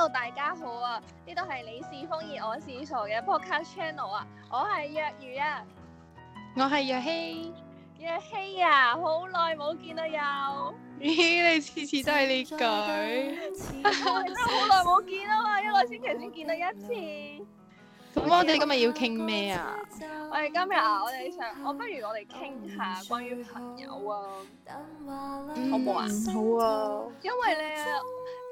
Hello 大家好啊！呢度係你是李風兒、啊，我是傻嘅 Podcast Channel 啊！我係若如啊，我係若曦，若曦啊，好耐冇見啦又，咦 你次次都係呢句，我哋真係好耐冇見啊嘛， 一個星期先見到一次。咁我哋今日要傾咩啊？我哋今日啊，我哋想，我不如我哋傾下關於朋友啊，嗯、好唔好，好啊？好啊，因為咧。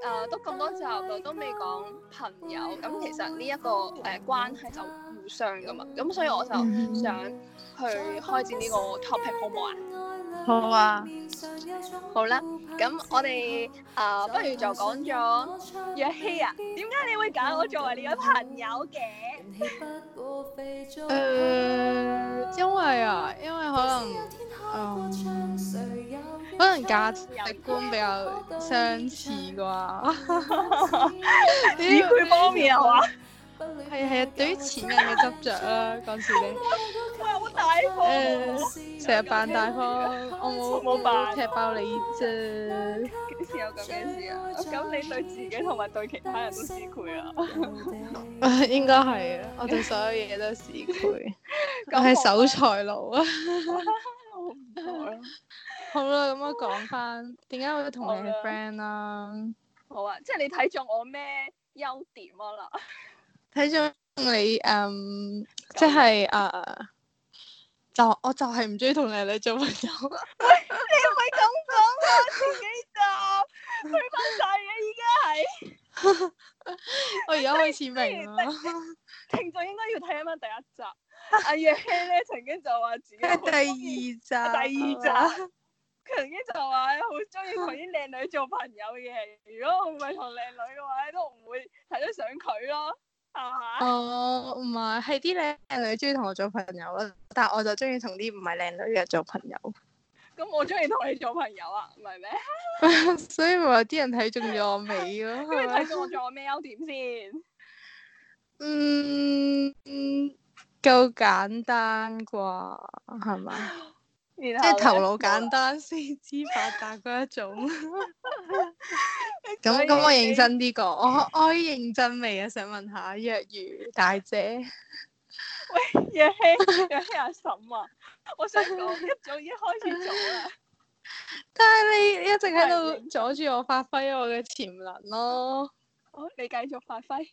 誒都咁多集啦，都未講朋友，咁其實呢一個誒關係就互相㗎嘛，咁所以我就想去開展呢個 topic，好唔好啊？好啊，好啦，咁我哋啊，不如就講咗若曦啊，點解你會揀我作為你嘅朋友嘅？誒，因為啊，因為可能。可能價值觀比較相似啩，市儈媽咪係嘛？係係啊，對於錢人嘅執着啦，陣時你。我有好大方。成日扮大方，我冇冇踢爆你啫。幾時有咁嘅事啊？咁你對自己同埋對其他人都市儈啊？應該係啊，我對所有嘢都市儈，我係守財奴啊。我唔係啊！好啦、啊，咁我講翻點解我要同你 friend 啦、啊啊。好啊，即係你睇中我咩優點啊啦？睇中你誒，um, 即係誒，uh, 就我就係唔中意同你女做朋友。 你唔係咁講啊，自己就佢瞓晒嘅，而家係我而家開始明啦。 聽眾應該要睇聽翻第一集。阿若曦咧曾經就話自己好。第二集。 第二集。 佢已經就話：好中意同啲靚女做朋友嘅。如果我唔係同靚女嘅話，都唔會睇得上佢咯，係咪？哦、呃，唔係，係啲靚女中意同我做朋友咯。但係我就中意同啲唔係靚女嘅做朋友。咁、嗯、我中意同你做朋友啊，唔係咩？ 所以話啲人睇中咗我美咯。咁你睇中我做咩優點先？嗯，夠簡單啩，係嘛？即係頭腦簡單 四肢發達嗰一種。 咁咁我認真啲講、哦，我我認真未啊？想問下若如大姐。喂，若曦若曦阿嬸啊！我想講一早一開始做啦， 但係你一直喺度阻住我發揮我嘅潛能咯。好，你繼續發揮。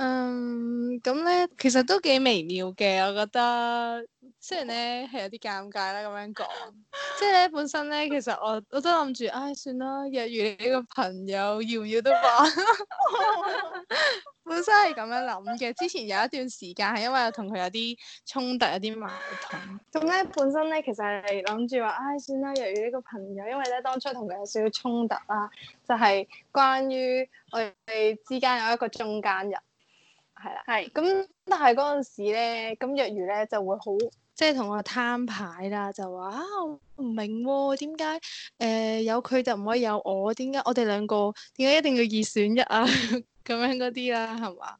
嗯，咁咧、um，其實都幾微妙嘅。我覺得雖然咧係有啲尷尬啦，咁樣講， 即係咧本身咧，其實我我都諗住唉，算啦，若如你呢個朋友要唔要都話， 本身係咁樣諗嘅。之前有一段時間係因為我同佢有啲衝突，有啲矛盾。咁咧、嗯、本身咧，其實係諗住話唉，算啦，若如呢個朋友，因為咧當初同佢有少少衝突啦，就係、是、關於我哋之間有一個中間人。係啦，係咁，但係嗰陣時咧，咁若如咧就會好，即係同我攤牌啦，就話啊，我唔明點解誒有佢就唔可以有我，點解我哋兩個點解一定要二選一啊？咁 樣嗰啲啦，係嘛？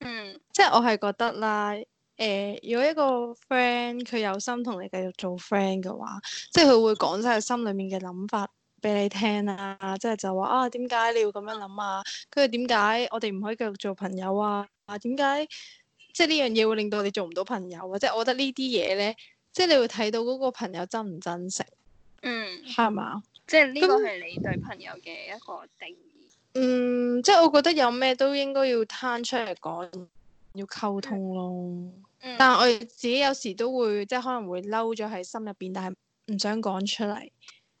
嗯，即係我係覺得啦，誒、呃，如果一個 friend 佢有心同你繼續做 friend 嘅話，即係佢會講晒佢心裏面嘅諗法。俾你聽啊，即係就話啊，點解你要咁樣諗啊？跟住點解我哋唔可以繼續做朋友啊？點解即係呢樣嘢會令到你做唔到朋友啊？即係我覺得呢啲嘢咧，即係你會睇到嗰個朋友真唔真誠？嗯，係嘛？即係呢個係你對朋友嘅一個定義。嗯，即係我覺得有咩都應該要攤出嚟講，要溝通咯。嗯，但係我自己有時都會即係可能會嬲咗喺心入邊，但係唔想講出嚟。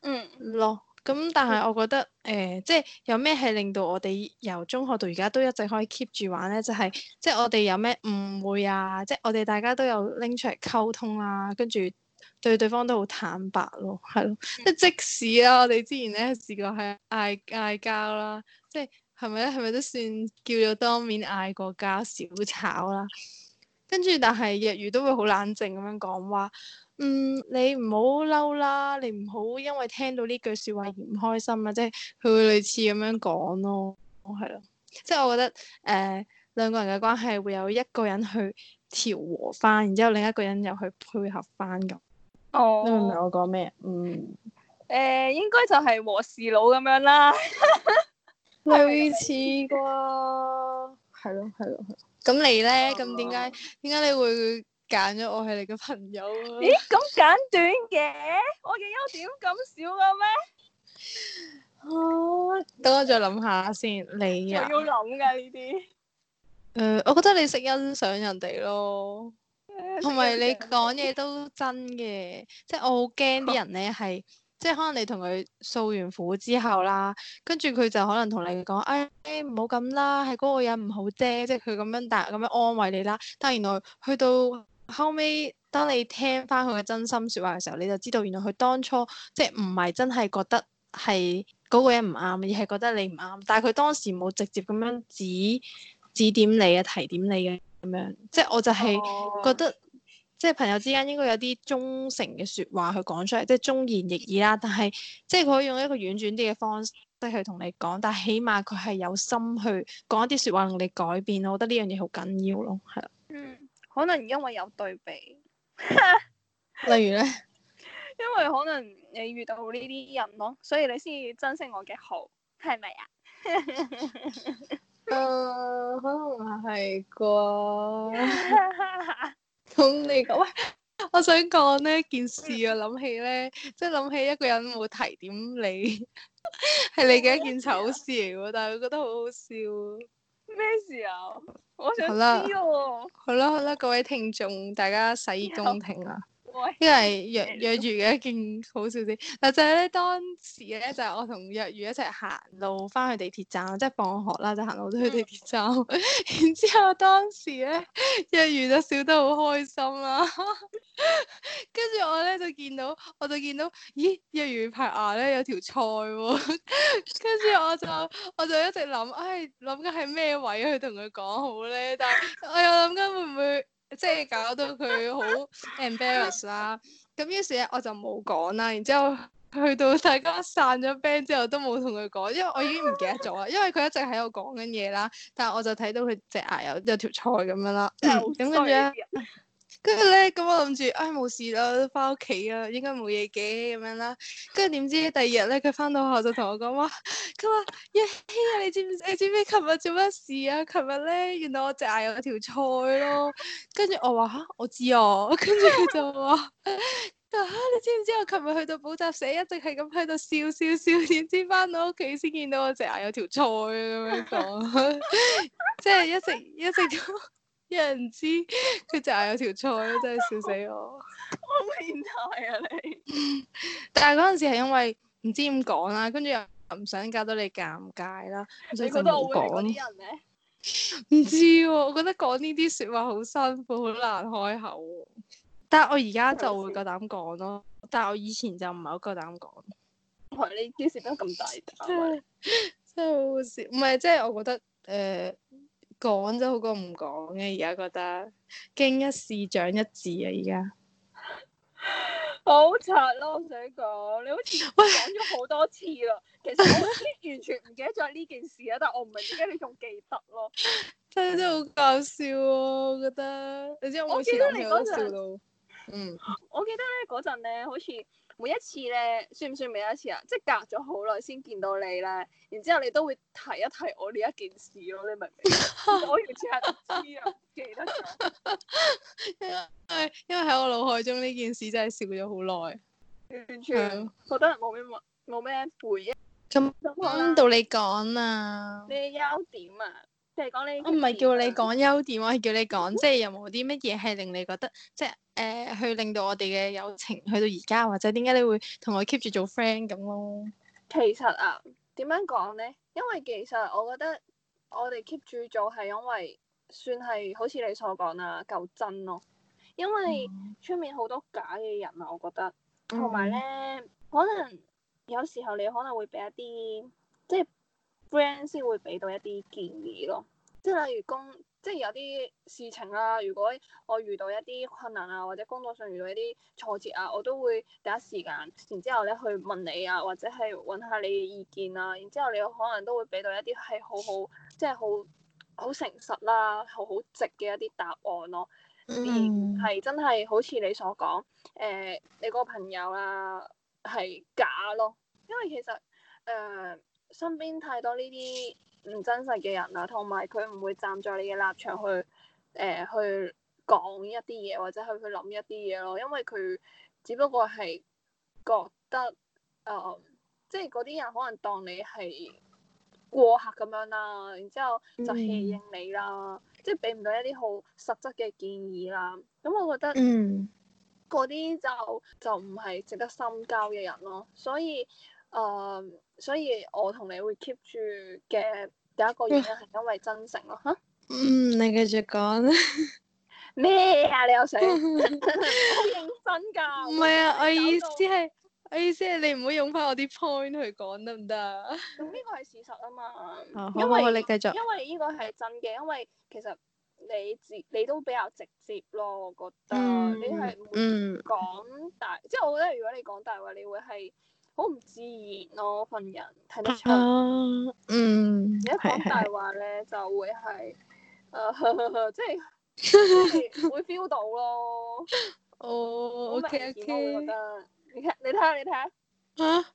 嗯，咯。咁、嗯、但係我覺得誒、呃，即係有咩係令到我哋由中學到而家都一直可以 keep 住玩咧，就係、是、即係我哋有咩誤會啊，即係我哋大家都有拎出嚟溝通啦、啊，跟住對對方都好坦白咯，係咯，即即使啊，我哋之前咧試過係嗌嗌交啦，即係係咪咧？係咪都算叫做當面嗌過交、小吵啦？跟住但係日語都會好冷靜咁樣講話。嗯，你唔好嬲啦，你唔好因為聽到呢句說話而唔開心啊、哦！即係佢會類似咁樣講咯，係咯，即係我覺得誒，兩、呃、個人嘅關係會有一個人去調和翻，然之後另一個人又去配合翻咁。哦，你明唔明我講咩？嗯，誒、呃，應該就係和事佬咁樣啦，類似啩。係咯，係咯，係。咁你咧？咁點解？點解你會？揀咗我係你嘅朋友啊！咦？咁簡短嘅，我嘅優點咁少嘅咩？哦，等我再諗下先。你又要諗㗎呢啲？誒，我覺得你識欣賞人哋咯，同埋你講嘢都真嘅，即係我好驚啲人咧係，即係可能你同佢訴完苦之後啦，跟住佢就可能同你講，誒，唔好咁啦，係嗰個人唔好啫，即係佢咁樣大咁樣安慰你啦。但係原來去到後尾，當你聽翻佢嘅真心說話嘅時候，你就知道，原來佢當初即係唔係真係覺得係嗰個人唔啱，而係覺得你唔啱。但係佢當時冇直接咁樣指指點你啊，提點你嘅、啊、咁樣。即係我就係覺得，oh. 即係朋友之間應該有啲忠誠嘅說話去講出嚟，即係忠言逆耳啦。但係即係佢可以用一個婉轉啲嘅方式去同你講，但係起碼佢係有心去講一啲說話令你改變。我覺得呢樣嘢好緊要咯，係啦。可能因為有對比， 例如咧，因為可能你遇到呢啲人咯，所以你先要珍惜我嘅好，係咪啊？誒 ，uh, 可能係啩？咁你講，喂，我想講咧一件事我，我諗起咧，即係諗起一個人冇提點你，係 你嘅一件醜事嚟嘅， 但係佢覺得好好笑。咩事啊？我想知、啊、好啦好啦，各位聽眾，大家洗耳恭聽啊！ 因為若若如嘅一件好笑事， 就係咧當時咧就係我同若如一齊行路翻去地鐵站，即係放學啦，就行路到去地鐵站。然之後當時咧若如就笑得好開心啦，跟 住我咧就見到，我就見到，咦若如排牙咧有條菜喎、啊。跟 住我就我就一直諗，唉諗緊係咩位去同佢講好咧？但係我又諗緊會唔會？即係搞到佢好 embarrass 啦，咁於是我就冇講啦，然之後去到大家散咗 band 之後都冇同佢講，因為我已經唔記得咗喇，因為佢一直喺度講緊嘢啦，但係我就睇到佢隻牙有有條菜咁樣啦，咁跟住。 跟住咧，咁我諗住，唉、哎，冇事啦，都翻屋企啦，應該冇嘢嘅咁樣啦。跟住點知第二日咧，佢翻到學就同我講話，佢話若曦啊，你知唔？知？你知唔知琴日做乜事啊？琴日咧，原來我隻牙有條菜咯。跟住我話吓、啊，我知啊。跟住佢就話，但、啊、你知唔知我琴日去到補習社一直係咁喺度笑笑笑，點知翻到屋企先見到我隻牙有條菜咁、啊、樣講， 即係一直一直都 一人知佢就係有條菜 真係笑死我！ 好變態啊你！但係嗰陣時係因為唔知點講啦，跟住又唔想搞到你尷尬啦。你覺得我會唔會啲人咩？唔 知喎、哦，我覺得講呢啲説話好辛苦，好難開口、哦。但係我而家就會夠膽講咯， 但係我以前就唔係好夠膽講。你幾時都咁大膽啊！真係好好笑，唔係即係我覺得誒。呃講真好過唔講嘅，而家覺得經一事長一智啊！而家 好柒咯，我想講，你好似講咗好多次啦。 其實我好似完全唔記得咗呢件事啊， 但係我唔明點解你仲記得咯。 真係真係好搞笑啊，我覺得你知我每次諗起都笑到。嗯，我記得咧嗰陣咧，嗯、好似。每一次咧，算唔算每一次啊？即係隔咗好耐先見到你咧，然之後你都會提一提我呢一件事咯，你明唔明？ 我完全知啊，記得。 因為因為喺我腦海中呢件事真係笑咗好耐，完全覺得冇咩冇咩回憶啊！咁到你講啊？你啲優點啊，即係講你、啊。我唔係叫你講優點，我係叫你講，即係 有冇啲乜嘢係令你覺得即係。就是誒、呃，去令到我哋嘅友情去到而家，或者點解你會同我 keep 住做 friend 咁咯？其實啊，點樣講咧？因為其實我覺得我哋 keep 住做係因為算係好似你所講啊，夠真咯。因為出、嗯、面好多假嘅人啊，我覺得。同埋咧，嗯、可能有時候你可能會俾一啲，即係 friend 先會俾到一啲建議咯。即係例如公。即係有啲事情啊，如果我遇到一啲困難啊，或者工作上遇到一啲挫折啊，我都會第一時間，然之後咧去問你啊，或者係揾下你嘅意見啊，然之後你可能都會俾到一啲係好好，即係好好誠實啦、啊，好好直嘅一啲答案咯、啊。而係真係好似你所講，誒、呃、你個朋友啊係假咯，因為其實誒、呃、身邊太多呢啲。唔真實嘅人啦，同埋佢唔會站在你嘅立場去誒、呃、去講一啲嘢，或者去去諗一啲嘢咯。因為佢只不過係覺得誒、呃，即係嗰啲人可能當你係過客咁樣啦，然之後就棄應你啦，嗯、即係俾唔到一啲好實質嘅建議啦。咁我覺得嗰啲、嗯、就就唔係值得深交嘅人咯，所以。誒，um, 所以我同你會 keep 住嘅第一個原因係因為真誠咯、啊，吓、呃。嗯，你繼續講。咩 啊？你有想好認真噶、啊？唔係啊，我意思係，我意思係你唔好用翻我啲 point 去講得唔得？咁呢 個係事實啊嘛，好好因為 well, 你繼續因為呢個係真嘅，因為其實你直你都比較直接咯，我覺得、嗯嗯、你係唔講大，即係我覺得如果你講大話，你會係。我唔自然咯，份人睇得出。嗯，一講大話咧，就會係，誒，即係會 feel 到咯。哦，OK，OK。你睇，你睇下，你睇下。吓？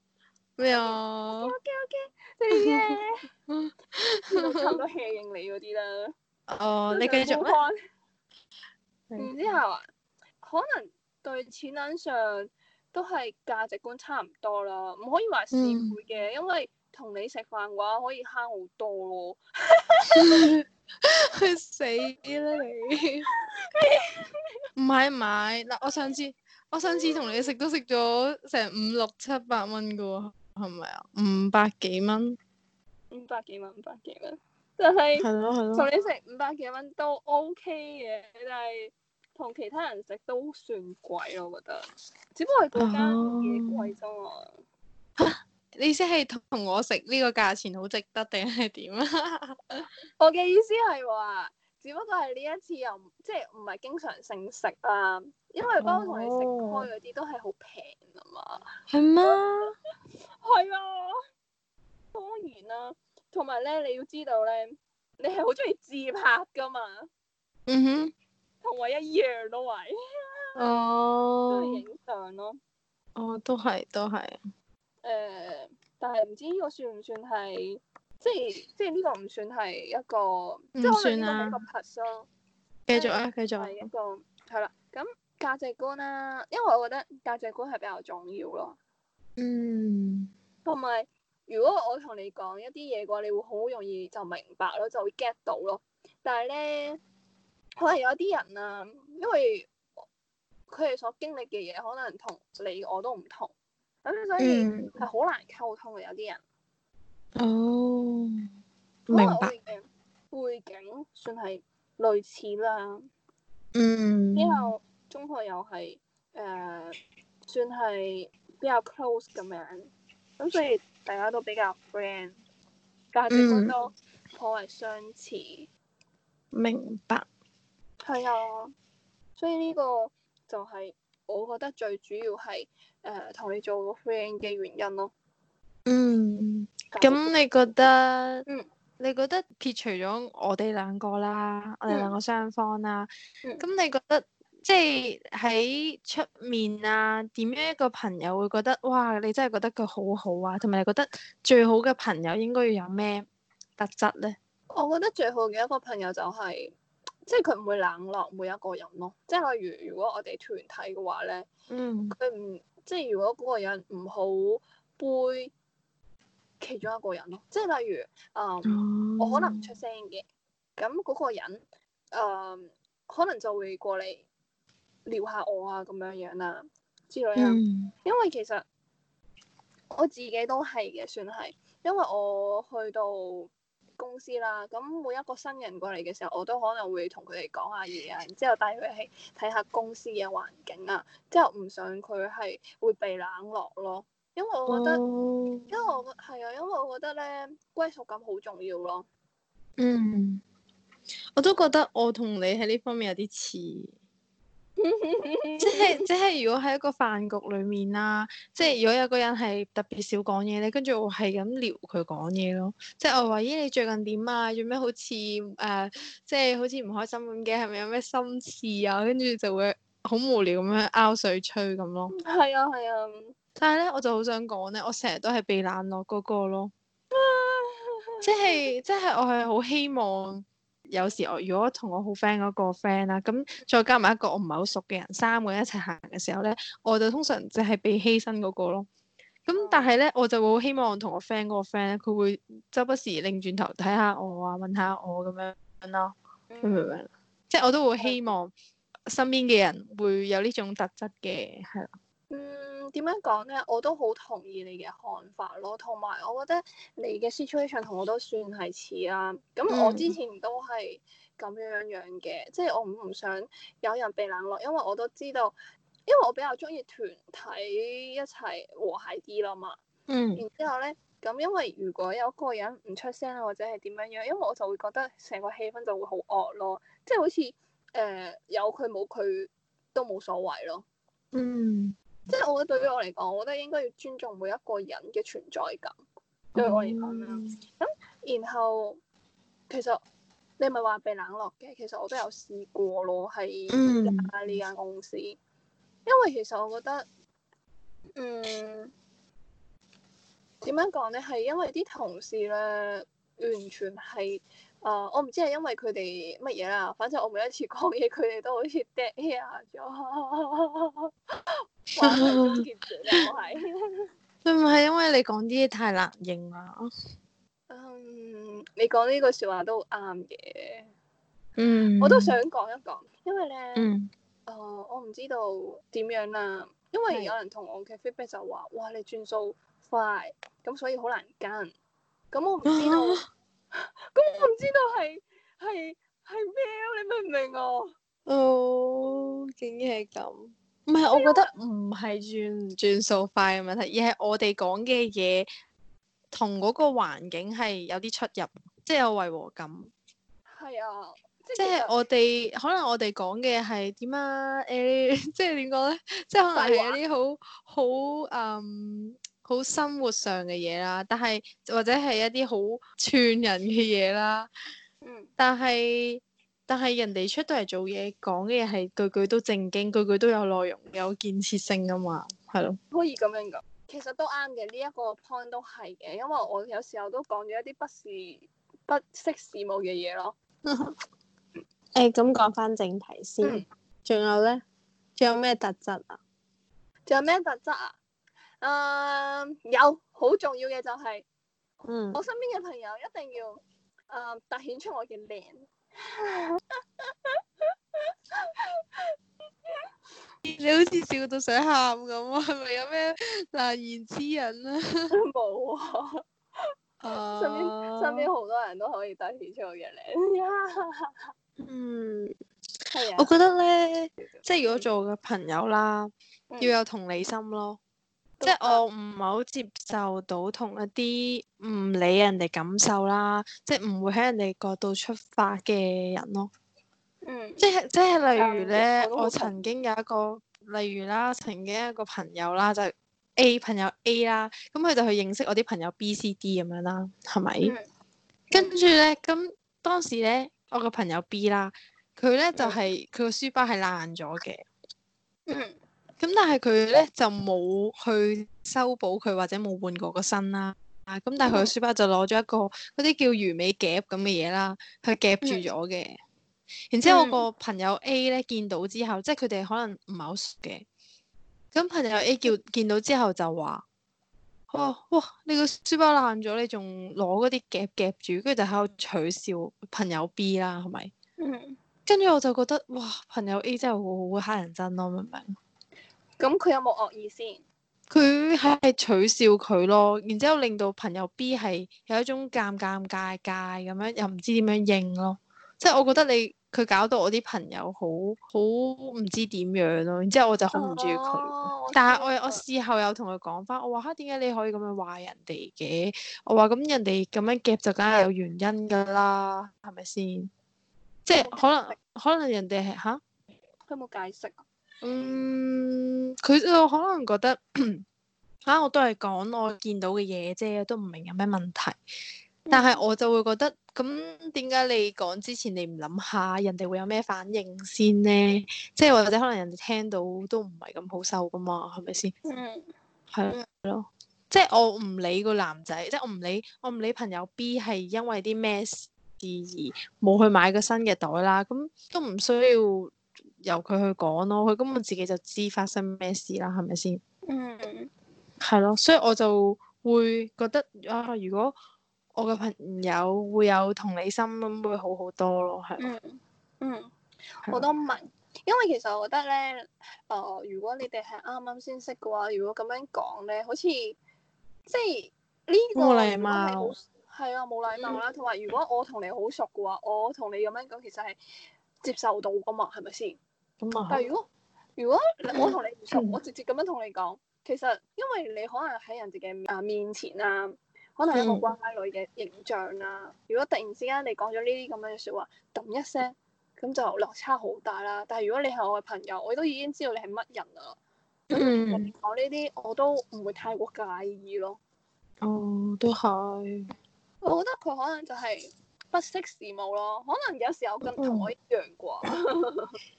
咩啊？OK，OK，嚟嘅。差唔多 hea 應你啲啦。哦，你繼續。然之後啊，可能對錢銀上。都係價值觀差唔多啦，唔可以話是會嘅，嗯、因為同你食飯嘅話可以慳好多咯。去 死啦你！唔係唔係，嗱，我上次我上次同你食都食咗成五六七百蚊嘅喎，係咪啊？五百幾蚊？五百幾蚊，五百幾蚊。但係同 你食五百幾蚊都 OK 嘅，但係。同其他人食都算貴咯，我覺得，只不過嗰間嘢貴啫嘛。 你意思係同我食呢個價錢好值得定係點啊？ 我嘅意思係話，只不過係呢一次又即係唔係經常性食啊，因為包括同你食開嗰啲都係好平啊嘛。係、oh. 嗎？係 啊，當然啦、啊。同埋咧，你要知道咧，你係好中意自拍噶嘛？嗯哼、mm。Hmm. 同我一樣都係哦、 oh, oh，都係影相咯，哦，都係都係誒，但係唔知呢個算唔算係，即係即係呢個唔算係一個，唔算即係算一個 pass 啊，繼續啊，繼續，係一個係啦。咁價值觀啦、啊，因為我覺得價值觀係比較重要咯。嗯，同埋如果我同你講一啲嘢嘅話，你會好容易就明白咯，就會 get 到咯。但係咧。可能有一啲人啊，因為佢哋所經歷嘅嘢可能同你我都唔同，咁所以係好難溝通嘅。有啲人哦，因為背景算係類似啦，嗯，之後中學又係誒、uh, 算係比較 close 咁樣，咁所以大家都比較 friend，但係價值觀都頗為相似。嗯、明白。係啊，所以呢個就係我覺得最主要係誒同你做個 friend 嘅原因咯。嗯，咁你覺得？嗯，你覺得撇除咗我哋兩個啦，嗯、我哋兩個雙方啦，咁、嗯、你覺得即係喺出面啊，點樣一個朋友會覺得哇，你真係覺得佢好好啊，同埋你覺得最好嘅朋友應該要有咩特質咧？我覺得最好嘅一個朋友就係、是。即係佢唔會冷落每一個人咯，即係例如如果我哋團體嘅話咧，佢唔、嗯、即係如果嗰個人唔好杯其中一個人咯，即係例如誒、嗯嗯、我可能唔出聲嘅，咁嗰個人誒、嗯、可能就會過嚟撩下我啊，咁樣樣啦之類啦，嗯、因為其實我自己都係嘅算係，因為我去到公司啦，咁每一個新人過嚟嘅時候，我都可能會同佢哋講下嘢啊，然之後帶佢去睇下公司嘅環境啊，之後唔想佢係會被冷落咯，因為我覺得，哦、因為我係啊，因為我覺得呢歸屬感好重要咯。嗯，我都覺得我同你喺呢方面有啲似。 即係即係，如果喺一個飯局裏面啦，即係如果有個人係特別少講嘢咧，跟住我係咁撩佢講嘢咯。即係我話咦，你最近點啊？做咩好似誒、呃，即係好似唔開心咁嘅？係咪有咩心事啊？跟住就會好無聊咁樣拗水吹咁咯。係啊係啊。啊但係咧，我就好想講咧，我成日都係被冷落嗰個咯。 即係即係，我係好希望。有時我如果同我好 friend 嗰個 friend 啦，咁再加埋一個我唔係好熟嘅人，三個人一齊行嘅時候咧，我就通常就係被犧牲嗰個咯。咁但係咧，我就會好希望同我 friend 嗰個 friend，佢會周不時擰轉頭睇下我啊，問下我咁樣咯，咁樣。即係、嗯、我都會希望身邊嘅人會有呢種特質嘅，係啦。點樣講咧？我都好同意你嘅看法咯，同埋我覺得你嘅 situation 同我都算係似啦、啊。咁我之前都係咁樣樣嘅，嗯、即係我唔唔想有人被冷落，因為我都知道，因為我比較中意團體一齊和諧啲咯嘛。嗯。然之後咧，咁因為如果有個人唔出聲或者係點樣樣，因為我就會覺得成個氣氛就會好惡咯，即係好似誒、呃、有佢冇佢都冇所謂咯。嗯。即係我覺得對於我嚟講，我覺得應該要尊重每一個人嘅存在感。對我嚟講啦，咁、mm. 嗯、然後其實你咪話被冷落嘅，其實我都有試過咯，係喺呢間公司，mm. 因為其實我覺得，嗯，點樣講咧，係因為啲同事咧完全係。啊！Uh, 我唔知係因為佢哋乜嘢啦，反正我每一次講嘢，佢哋都好似 dead air 咗。係 哇，係唔係因為你講啲嘢太難認啊？Um, 你講呢句說話都啱嘅。嗯，我都想講一講，因為咧，啊、嗯，uh, 我唔知道點樣啦。因為有人同我嘅 feedback 就話，哇，你轉數快，咁所以好難跟。咁我唔知道、啊。咁我唔知道係係係咩，你明唔明我？哦，竟然係咁，唔係 我覺得唔係轉轉數快嘅問題，而係我哋講嘅嘢同嗰個環境係有啲出入，即係有違和感。係 啊，即係我哋 可能我哋講嘅係點啊？誒，即係點講咧？即係可能係有啲好好嗯。 好生活上嘅嘢啦，但係或者係一啲好串人嘅嘢啦。嗯。但係但係人哋出到嚟做嘢，講嘅嘢係句句都正經，句句都有內容，有建設性噶嘛，係咯。可以咁樣講。其實都啱嘅，呢、這、一個 point 都係嘅，因為我有時候都講咗一啲不是不識事務嘅嘢咯。誒、 欸，咁講翻正題先。仲、嗯、有咧？仲有咩特質啊？仲有咩特質啊？誒，um, 有好重要嘅就係、是，嗯，我身邊嘅朋友一定要誒、um, 凸顯出我嘅靚。 你好似笑到想喊咁啊？係 咪有咩難言之隱咧？冇 有啊， 身邊、uh、身邊好多人都可以凸顯出我嘅靚。 嗯，係啊。我覺得咧， 即係如果做我嘅朋友啦，嗯、要有同理心咯。 即係我唔係好接受到同一啲唔理人哋感受啦，即係唔會喺人哋角度出發嘅人咯。嗯。即係即係例如咧，嗯、我，我曾經有一個例如啦，曾經一個朋友啦，就是、A 朋友 A 啦，咁佢就去認識我啲朋友 B、C、D 咁樣啦，係咪？嗯、跟住咧，咁當時咧，我個朋友 B 啦，佢咧就係佢個書包係爛咗嘅。嗯咁但係佢咧就冇去修補佢，或者冇換過個身啦。咁但係佢個書包就攞咗一個嗰啲叫魚尾夾咁嘅嘢啦，佢夾住咗嘅。嗯、然之後我個朋友 A 咧見到之後，即係佢哋可能唔係好熟嘅。咁朋友 A 叫見到之後就話，哇哇，你個書包爛咗，你仲攞嗰啲夾夾住，跟住就喺度取笑朋友 B 啦，係咪？跟住、嗯、我就覺得哇，朋友 A 真係好好，乞人憎咯、啊，明唔明？咁佢有冇惡意先？佢係取笑佢咯，然之後令到朋友 B 係有一種尷尷尬尬咁樣，又唔知點樣應咯。即係我覺得你佢搞到我啲朋友好好唔知點樣咯。然之後我就好唔中意佢。Oh, 但係我我，我，我事後有同佢講翻，我話吓，點解你可以咁樣話人哋嘅？我話咁、嗯、人哋咁樣夾就梗係有原因噶啦，係咪先？即係可能可能人哋係吓？佢、啊、冇解釋？嗯，佢就可能覺得，吓、 啊、我都係講我見到嘅嘢啫，都唔明有咩問題。但係我就會覺得，咁點解你講之前你，你唔諗下人哋會有咩反應先呢？即係或者可能人哋聽到都唔係咁好受噶嘛，係咪先？嗯，係 咯，即係、就是、我唔理個男仔，即、就、係、是、我唔理，我唔理朋友 B 係因為啲咩事而冇去買個新嘅袋啦。咁都唔需要。由佢去講咯，佢根本自己就知發生咩事啦，係咪先？嗯，係咯，所以我就會覺得啊，如果我嘅朋友會有同理心咁，會好好多咯，係、嗯。嗯，我都明，因為其實我覺得咧，誒、呃，如果你哋係啱啱先識嘅話，如果咁樣講咧，好似即係呢個禮貌，係啊，冇禮貌啦，同埋如果我同你好熟嘅話，嗯、我同你咁樣講，其實係接受到噶嘛，係咪先？但係如果如果我同你唔熟， 我直接咁樣同你講，其實因為你可能喺人哋嘅啊面前啊，可能係一個乖乖女嘅形象啦、啊。如果突然之間你講咗呢啲咁樣嘅說話，揼一聲咁就落差好大啦。但係如果你係我嘅朋友，我都已經知道你係乜人啦。我講呢啲我都唔會太過介意咯。哦，都係。我覺得佢可能就係不識時務咯，可能有時候咁同我一樣啩。嗯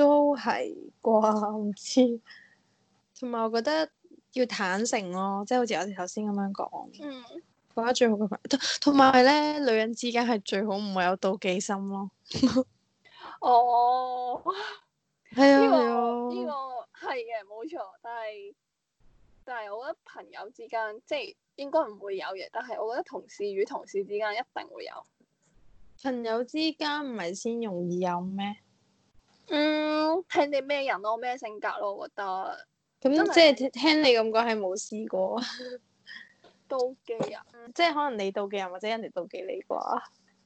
都係啩，唔知。同埋我覺得要坦誠咯、哦，即、就、係、是、好似我哋頭先咁樣講。嗯。覺得最好嘅朋友，同埋咧，女人之間係最好唔會有妒忌心咯。 哦。係啊 、哎呀！呢、這個呢、這個係嘅，冇錯。但係但係，我覺得朋友之間即係、就是、應該唔會有嘅，但係我覺得同事與同事之間一定會有。朋友之間唔係先容易有咩？嗯，睇你咩人咯、啊，咩性格咯、啊，我覺得。咁即係聽你咁講係冇試過妒忌人， 即係可能你妒忌人或者人哋妒忌你啩？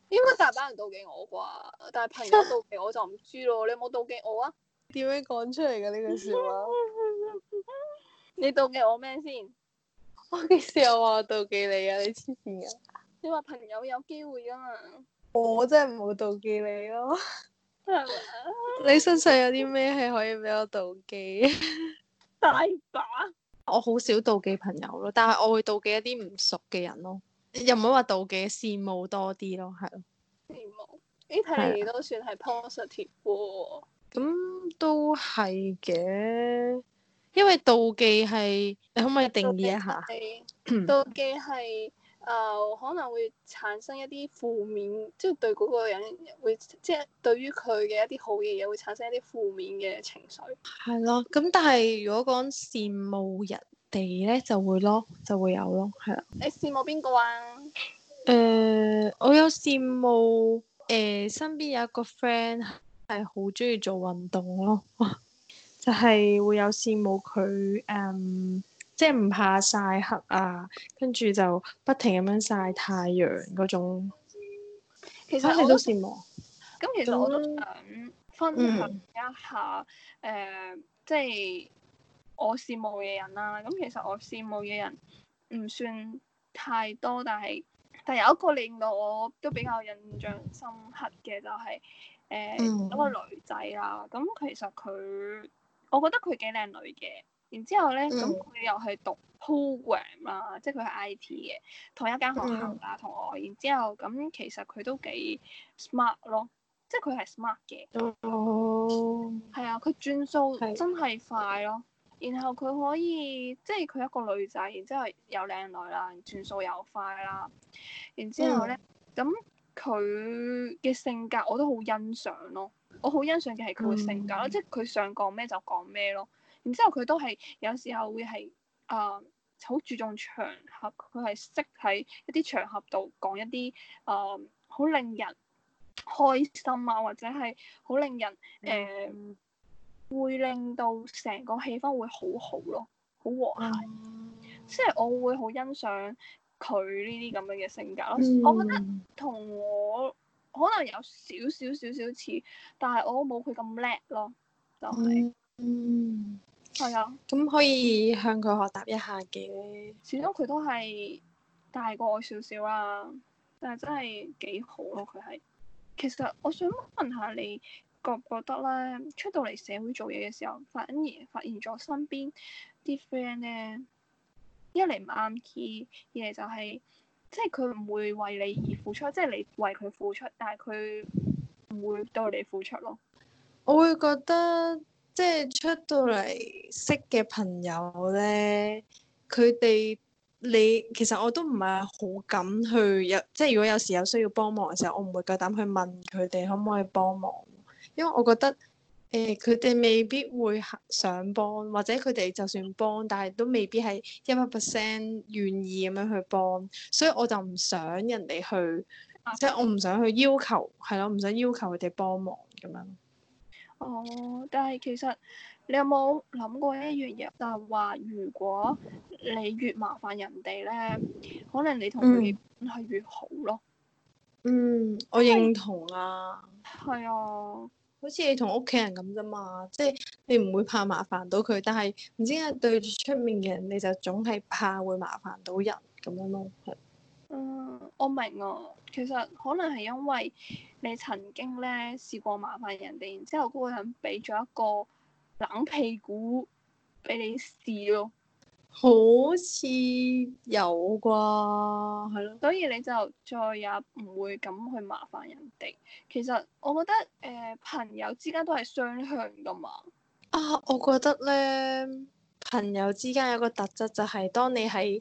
應該大把人妒忌我啩，但係朋友妒忌我就唔知咯。 你有冇妒忌我啊？點樣講出嚟噶呢句說話？這個、 你妒忌我咩先？我幾時有話我妒忌你啊？你黐綫啊！你話朋友有機會噶、啊、嘛？我真係冇妒忌你咯。 你身上有啲咩係可以俾我妒忌？ 大把。我好少妒忌朋友咯，但係我會妒忌一啲唔熟嘅人咯。又唔好話妒忌，羨慕多啲咯，係咯。羨慕？咦、 嗯，睇嚟都算係 positive 喎。咁都係嘅，因為妒忌係，你可唔可以定義一下？妒忌係。啊，uh, 可能會產生一啲負面，即係對嗰個人會，即係對於佢嘅一啲好嘢，嘢，會產生一啲負面嘅情緒。係咯，咁但係如果講羨慕人哋咧，就會咯，就會有咯，係啦。你羨慕邊個啊？誒，uh, 我有羨慕誒，uh, 身邊有一個 friend 係好中意做運動咯， 就係會有羨慕佢誒。Um, 即係唔怕曬黑啊，跟住就不停咁樣曬太陽嗰種，其實，其實你都羨慕。咁其實我都想分享一下，誒、嗯呃，即係我羨慕嘅人啦、啊。咁其實我羨慕嘅人唔算太多，但係但係有一個令到我都比較印象深刻嘅就係誒一個女仔啦、啊。咁其實佢，我覺得佢幾靚女嘅。然之後咧，咁佢、嗯、又係讀 program 啦、嗯，即係佢係 IT 嘅同一間學校啦，嗯、同我。然之後咁，其實佢都幾 smart 咯，即係佢係 smart 嘅。哦，係啊，佢轉數真係快咯。是然後佢可以，即係佢一個女仔，然之後有靚女啦，轉數又快啦。然之後咧，咁佢嘅性格我都好欣賞咯。我好欣賞嘅係佢嘅性格，即係佢想講咩就講咩咯。然之後佢都係有時候會係，啊，好注重場合，佢係識喺一啲場合度講一啲，啊，好令人開心啊，或者係好令人，誒、uh，Mm. 會令到成個氣氛會好好咯，好和諧。Mm. 即係我會好欣賞佢呢啲咁樣嘅性格咯，Mm. 我覺得同我可能有少少少少，少，少似，但係我冇佢咁叻咯，就係、是，嗯。Mm. 係啊，咁可以向佢學習一下嘅。始終佢都係大過我少少啊，但係真係幾好咯。佢係。其實我想問下你覺唔覺得咧，出到嚟社會做嘢嘅時候，反而發現咗身邊啲 friend 咧，一嚟唔啱 key，二嚟就係即係佢唔會為你而付出，即係你為佢付出，但係佢唔會對你付出咯。我會覺得。即係出到嚟識嘅朋友咧，佢哋你其實我都唔係好敢去有，即係如果有時候有需要幫忙嘅時候，我唔會夠膽去問佢哋可唔可以幫忙，因為我覺得誒佢哋未必會想幫，或者佢哋就算幫，但係都未必係一百 percent 願意咁樣去幫，所以我就唔想人哋去，即係我唔想去要求係咯，唔想要求佢哋幫忙咁樣。哦，但係其實你有冇諗過一樣嘢，就係話如果你越麻煩人哋咧，可能你同佢係越好咯。嗯，我認同啊。係、嗯、啊，好似你同屋企人咁啫嘛，即、就、係、是、你唔會怕麻煩到佢，但係唔知點解對住出面嘅人你就總係怕會麻煩到人咁樣咯。嗯，我明啊，其實可能係因為你曾經咧試過麻煩人哋，然之後嗰個人俾咗一個冷屁股俾你試咯，好似有啩，係咯，所以你就再也唔會咁去麻煩人哋。其實我覺得誒、呃，朋友之間都係雙向噶嘛。啊，我覺得咧，朋友之間有個特質就係當你喺……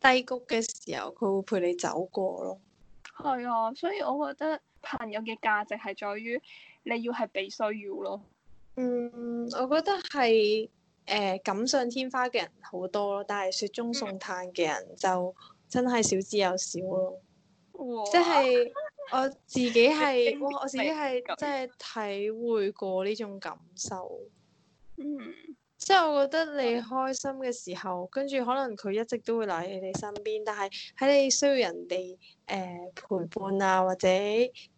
低谷嘅時候，佢會陪你走過咯。係啊，所以我覺得朋友嘅價值係在於你要係被需要咯。嗯，我覺得係誒、錦上添花嘅人好多咯，但係雪中送炭嘅人、嗯、就真係少之又少咯。即係哇我自己係， 我自己係即係體會過呢種感受。嗯。即係我覺得你開心嘅時候，跟住可能佢一直都會留喺你身邊，但係喺你需要人哋誒、呃、陪伴啊，或者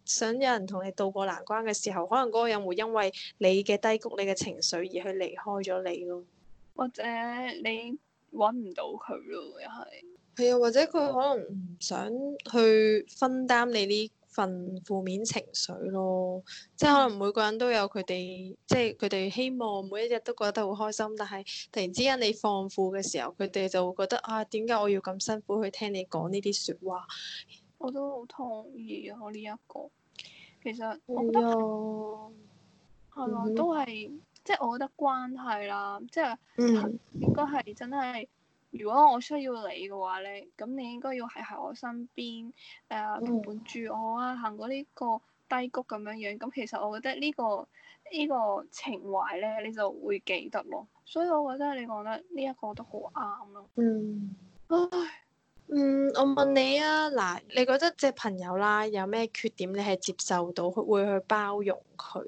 想有人同你渡過難關嘅時候，可能嗰個人會因為你嘅低谷、你嘅情緒而去離開咗你咯，或者你搵唔到佢咯，又係係啊，或者佢可能唔想去分擔你呢份負面情緒咯，即係可能每個人都有佢哋，即係佢哋希望每一日都覺得好開心，但係突然之間你放負嘅時候，佢哋就會覺得啊，點解我要咁辛苦去聽你講呢啲説話？我都好同意呀，我呢一個。其實我覺得係咯，都係，即係我覺得關係啦，即係應該係真係。如果我需要你嘅話咧，咁你應該要係喺我身邊，誒、呃，陪伴住我啊，行過呢個低谷咁樣樣。咁其實我覺得呢、呢個呢、呢個情懷咧，你就會記得咯。所以我覺得你講得呢一個都好啱咯。嗯，唉，嗯，我問你啊，嗱，你覺得即係朋友啦，有咩缺點你係接受到，會會去包容佢？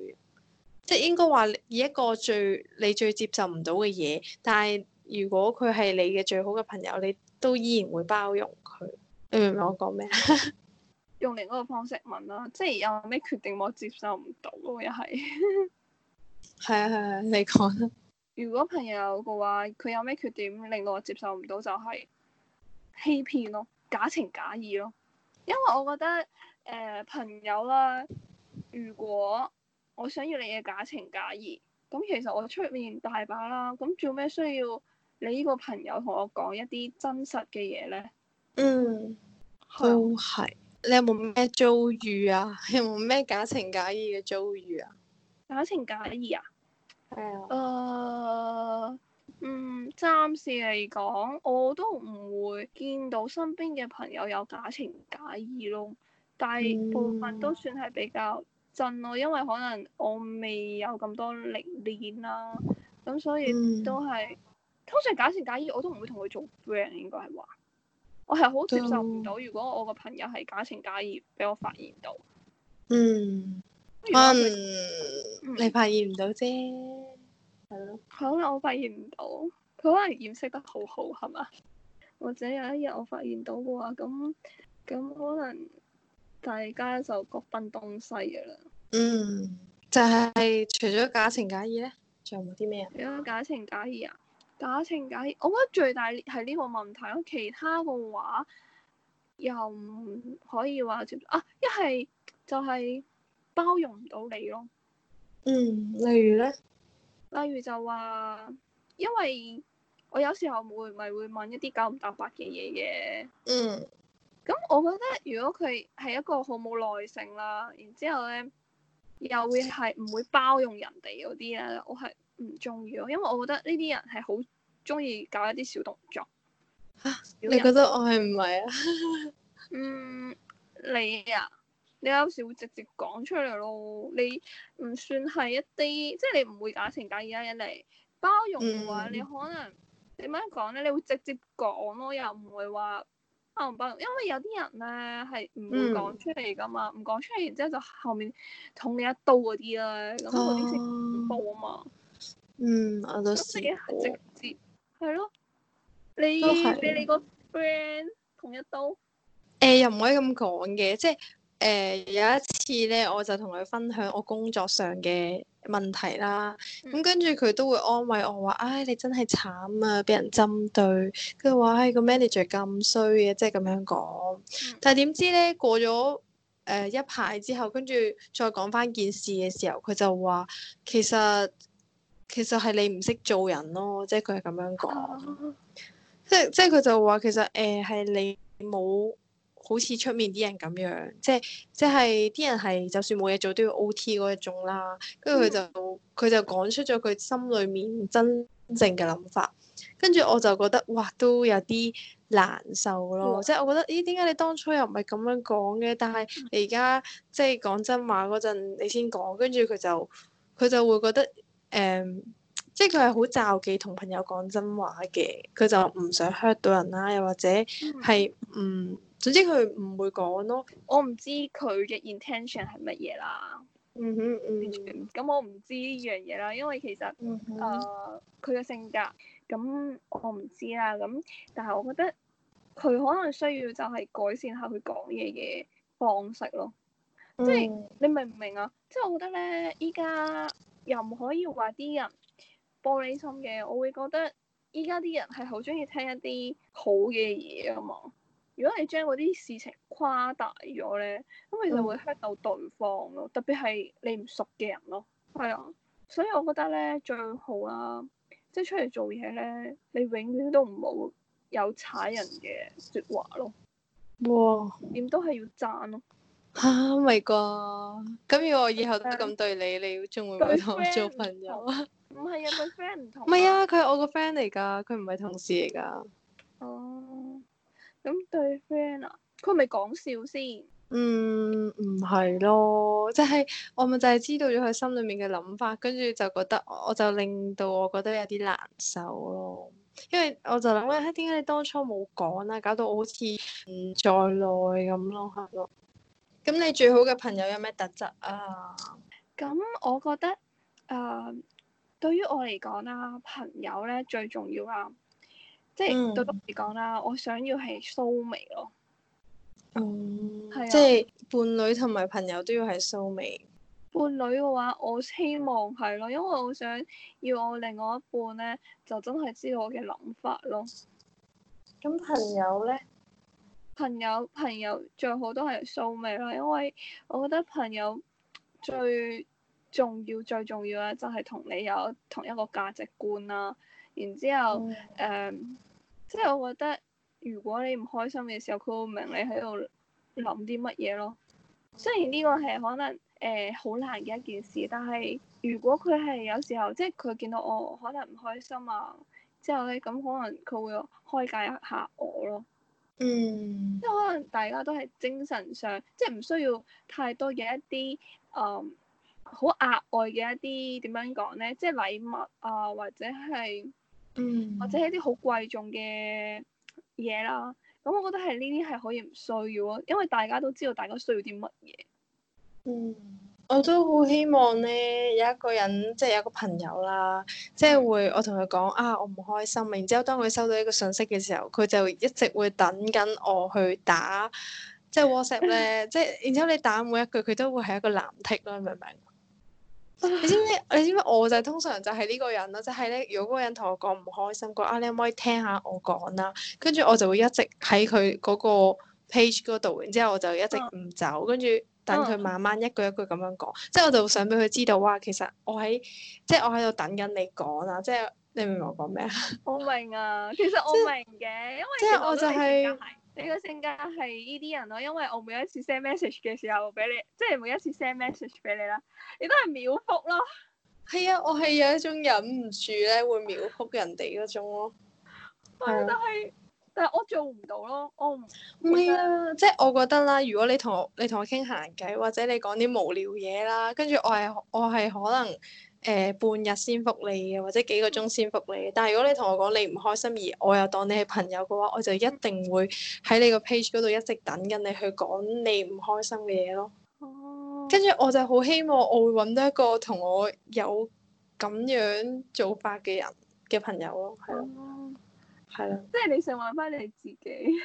即係應該話以一個最你最接受唔到嘅嘢，但係。如果佢係你嘅最好嘅朋友，你都依然會包容佢。你明唔明我講咩？ 用另一個方式問啦，即係有咩決定我接受唔到又係？係啊，係啊，你講啦。如果朋友嘅話，佢有咩缺點令到我接受唔到，就係、是、欺騙咯，假情假意咯。因為我覺得誒、呃、朋友啦、啊，如果我想要你嘅假情假意，咁其實我出面大把啦，咁做咩需要？你呢個朋友同我講一啲真實嘅嘢咧，嗯，係，都係。你有冇咩遭遇啊？有冇咩假情假意嘅遭遇啊？假情假意啊？係啊、嗯。誒，uh, 嗯，暫時嚟講，我都唔會見到身邊嘅朋友有假情假意咯。大部分都算係比較真咯，嗯、因為可能我未有咁多歷練啦、啊，咁所以、嗯、都係。通常假情假意我都唔會同佢做 friend，應該係話，我係好接受唔到。那如果我個朋友係假情假意，俾我發現到，嗯，可、嗯、你發現唔到啫，係咯、嗯，可能我發現唔到，佢可能掩飾得好好，係嘛？或者有一日我發現到嘅話，咁咁可能大家就各奔東西嘅啦。嗯，就係、是、除咗假情假意咧，仲有冇啲咩啊？如果假情假意啊？假情假意，我覺得最大係呢個問題咯。其他個話又唔可以話接啊，一係就係包容唔到你咯。嗯，例如咧？例如就話，因為我有時候會咪會問一啲九唔搭八嘅嘢嘅。嗯。咁我覺得如果佢係一個好冇耐性啦，然之後咧又會係唔會包容人哋嗰啲咧，我係。唔中意咯，因為我覺得呢啲人係好中意搞一啲小動作。啊、小人。你覺得我係唔係啊？ 嗯，你啊，你有時會直接講出嚟咯。你唔算係一啲，即係你唔會假情假意啊，而家而家一嚟包容嘅話，嗯、你可能點樣講咧？你會直接講咯，又唔會話包容包容，因為有啲人咧係唔會講出嚟㗎嘛，唔講、嗯、出嚟，然之後就後面捅你一刀嗰啲咧，咁嗰啲先恐怖啊嘛～、嗯嗯。嗯，我都試過。直接係咯，是你俾你個 friend 同一刀。誒、呃，又唔可以咁講嘅，即係誒、呃，有一次咧，我就同佢分享我工作上嘅問題啦。咁、嗯、跟住佢都會安慰我話，唉、哎，你真係慘啊，俾人針對。跟住話，唉、哎，個 manager 咁衰嘅、啊，即係咁樣講。嗯、但係點知咧，過咗誒、呃、一排之後，跟住再講翻件事嘅時候，佢就話其實。其實係你唔識做人咯，即係佢係咁樣講，即係即係佢就話其實誒係、欸、你冇好似出面啲人咁樣，即係即係啲人係就算冇嘢做都要 OT 嗰一種啦。跟住佢就佢、嗯、就講出咗佢心裏面真正嘅諗法，跟住我就覺得哇都有啲難受咯。嗯、即係我覺得咦，點解你當初又唔係咁樣講嘅？但係你而家即係講真話嗰陣你先講，跟住佢就佢就會覺得。誒，um, 即係佢係好罩忌同朋友講真話嘅，佢就唔想 hurt 到人啦，又或者係唔。嗯、總之佢唔會講咯。我唔知佢嘅 intention 係乜嘢啦。嗯哼嗯，咁、嗯嗯、我唔知呢樣嘢啦，因為其實啊，佢嘅、嗯哼呃、性格，咁我唔知啦。咁但係我覺得佢可能需要就係改善下佢講嘢嘅方式咯。嗯、即係你明唔明啊？即係我覺得咧，依家。又唔可以話啲人玻璃心嘅，我會覺得依家啲人係好中意聽一啲好嘅嘢啊嘛。如果你將嗰啲事情誇大咗咧，咁你就會 hurt 到對方咯，特別係你唔熟嘅人咯。係啊，嗯，所以我覺得咧，最好啊，即係出嚟做嘢咧，你永遠都唔好有踩人嘅説話咯。哇！點都係要讚咯～嚇，咪啩？咁如果我以後都咁對你，你仲會唔會同我做朋友，朋友啊？唔係啊，個 friend 唔同。唔係啊，佢係我個 friend 嚟噶，佢唔係同事嚟噶。哦，咁對 friend 啊？佢係咪講笑先？嗯，唔係咯，就係、是、我咪就係知道咗佢心裏面嘅諗法，跟住就覺得我就令到我覺得有啲難受咯。因為我就諗喂，點解你當初冇講啊？搞到我好似唔在內咁咯，係咯。咁你最好嘅朋友有咩特質啊？咁、啊、我覺得，誒、呃，對於我嚟講啦，朋友咧最重要啊。即係對我嚟講啦，嗯、我想要係蘇眉咯。哦、嗯。係啊。即係伴侶同埋朋友都要係蘇眉。伴侶嘅話，我希望係咯，因為我想要我另外一半咧，就真係知道我嘅諗法咯。咁、嗯嗯嗯嗯、朋友咧？朋友，朋友最好都係素味囉，因為我覺得朋友最重要、最重要咧，就係同你有同一個價值觀啦。然之後，誒、嗯嗯，即係我覺得，如果你唔開心嘅時候，佢會明你喺度諗啲乜嘢咯。雖然呢個係可能誒好、呃、難嘅一件事，但係如果佢係有時候，即係佢見到我可能唔開心啊，之後咧咁可能佢會開解一下我咯。嗯，即係可能大家都係精神上，即係唔需要太多嘅一啲，嗯，好額外嘅一啲點樣講咧，即係禮物啊，或者係，嗯，或者係一啲好貴重嘅嘢啦。咁我覺得係呢啲係可以唔需要咯，因為大家都知道，大家需要啲乜嘢。嗯。我都好希望咧有一個人即係有個朋友啦，即係會我同佢講啊，我唔開心。然之後當佢收到一個訊息嘅時候，佢就一直會等緊我去打，即係 WhatsApp 咧。 即係然之後你打每一句，佢都會係一個藍剔咯，你明唔明？ 你知唔知？你知唔知？我就係、係、通常就係呢個人咯，即係咧。如果嗰個人同我講唔開心，講啊，你可唔可以聽下我講啦？跟住我就會一直喺佢嗰個 page 嗰度，然之後我就一直唔走，跟住、嗯。等佢慢慢一句一句咁樣講，oh. 即係我就想俾佢知道，哇，其實我喺，即係我喺度等緊你講啊，即係你明唔明我講咩啊？我明啊，其實我明嘅，即因為即係我就係、係、你個性格係依啲人咯，因為我每一次 send message 嘅時候俾你，即係每一次 send message 俾你啦，你都係秒復咯。係啊，我係有一種忍唔住咧，會秒復人哋嗰種咯，都係。但係我做唔到咯，我唔，唔係啊！即係我覺得啦，如果你同我你同我傾閒偈，或者你講啲無聊嘢啦，跟住我係我係可能誒、呃、半日先覆你嘅，或者幾個鐘先覆你嘅。但係如果你同我講你唔開心而我又當你係朋友嘅話，我就一定會喺你個 page 嗰度一直等緊你去講你唔開心嘅嘢咯。Oh. 跟住我就好希望我會揾到一個同我有咁樣做法嘅人嘅朋友咯，係咯。Oh. 係啦，即係你想揾翻你自己，